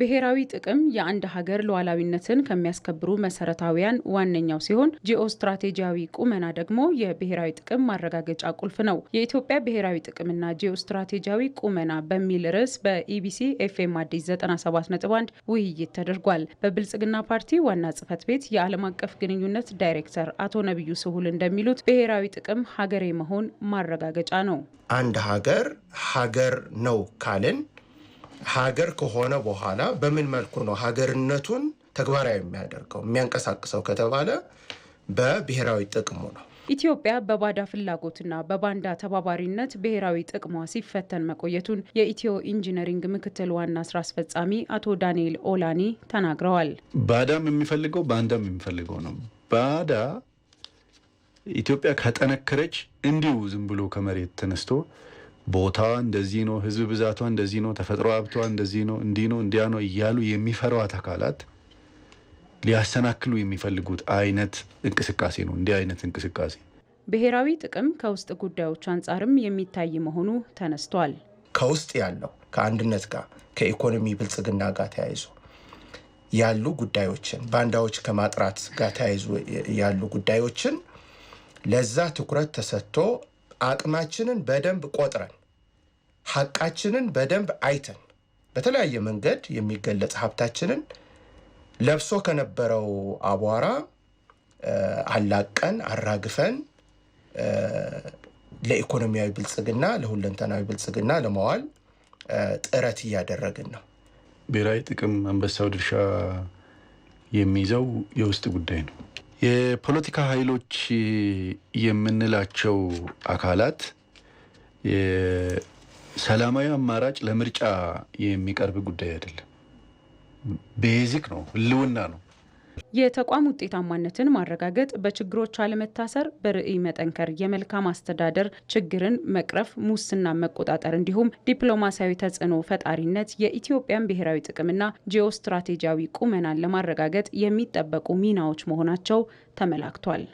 ብሔራዊ ጥቅም የአንድ ሀገር ሉዓላዊነትን ከሚያስከብሩ መሰረታዊያን ዋነኛው ሲሆን ጂኦስትራቴጂያዊ ቁመና ደግሞ የብሔራዊ ጥቅም ማረጋገጫ ቁልፍ ነው። የኢትዮጵያ ብሔራዊ ጥቅምና ስትራቴጂያዊ ቁመና በሚል ርዕስ በኢቢሲ ኤፍኤም አዲስ 97.1 ውይይት ተደርጓል። በብልጽግና ፓርቲ ዋና ጽህፈት ቤት የዓለም አቀፍ ግንኙነት ዳይሬክተር አቶ ነቢዩ ስሁል እንደሚሉት ብሔራዊ ጥቅም ሀገሬ መሆን ማረጋገጫ ነው። አንድ ሀገር ሀገር ነው ካልን ሀገር ከሆነ በኋላ በምን መልኩ ነው ሀገርነቱን ተግባራዊ የሚያደርገው የሚያንቀሳቅሰው ከተባለ በብሔራዊ ጥቅሙ ነው። ኢትዮጵያ በባዳ ፍላጎትና በባንዳ ተባባሪነት ብሔራዊ ጥቅሟ ሲፈተን መቆየቱን የኢትዮ ኢንጂነሪንግ ምክትል ዋና ስራ አስፈጻሚ አቶ ዳንኤል ኦላኒ ተናግረዋል። ባዳም የሚፈልገው ባንዳም የሚፈልገው ነው። ባዳ ኢትዮጵያ ከጠነከረች እንዲሁ ዝም ብሎ ከመሬት ተነስቶ ቦታዋ እንደዚህ ነው፣ ህዝብ ብዛቷ እንደዚህ ነው፣ ተፈጥሮ ሀብቷ እንደዚህ ነው፣ እንዲህ ነው፣ እንዲያ ነው እያሉ የሚፈሯት አካላት ሊያሰናክሉ የሚፈልጉት አይነት እንቅስቃሴ ነው። እንዲህ አይነት እንቅስቃሴ ብሔራዊ ጥቅም ከውስጥ ጉዳዮች አንጻርም የሚታይ መሆኑ ተነስቷል። ከውስጥ ያለው ከአንድነት ጋር ከኢኮኖሚ ብልጽግና ጋር ተያይዞ ያሉ ጉዳዮችን ባንዳዎች ከማጥራት ጋር ተያይዞ ያሉ ጉዳዮችን ለዛ ትኩረት ተሰጥቶ አቅማችንን በደንብ ቆጥረን ሀቃችንን በደንብ አይተን በተለያየ መንገድ የሚገለጽ ሀብታችንን ለብሶ ከነበረው አቧራ አላቀን አራግፈን ለኢኮኖሚያዊ ብልጽግና ለሁለንተናዊ ብልጽግና ለመዋል ጥረት እያደረግን ነው። ብሔራዊ ጥቅም አንበሳው ድርሻ የሚይዘው የውስጥ ጉዳይ ነው። የፖለቲካ ኃይሎች የምንላቸው አካላት ሰላማዊ አማራጭ ለምርጫ የሚቀርብ ጉዳይ አይደለም። ቤዚክ ነው፣ ህልውና ነው። የተቋም ውጤታማነትን ማረጋገጥ፣ በችግሮች አለመታሰር፣ በርዕይ መጠንከር፣ የመልካም አስተዳደር ችግርን መቅረፍ፣ ሙስና መቆጣጠር እንዲሁም ዲፕሎማሲያዊ ተጽዕኖ ፈጣሪነት የኢትዮጵያን ብሔራዊ ጥቅምና ጂኦስትራቴጂያዊ ቁመናን ለማረጋገጥ የሚጠበቁ ሚናዎች መሆናቸው ተመላክቷል።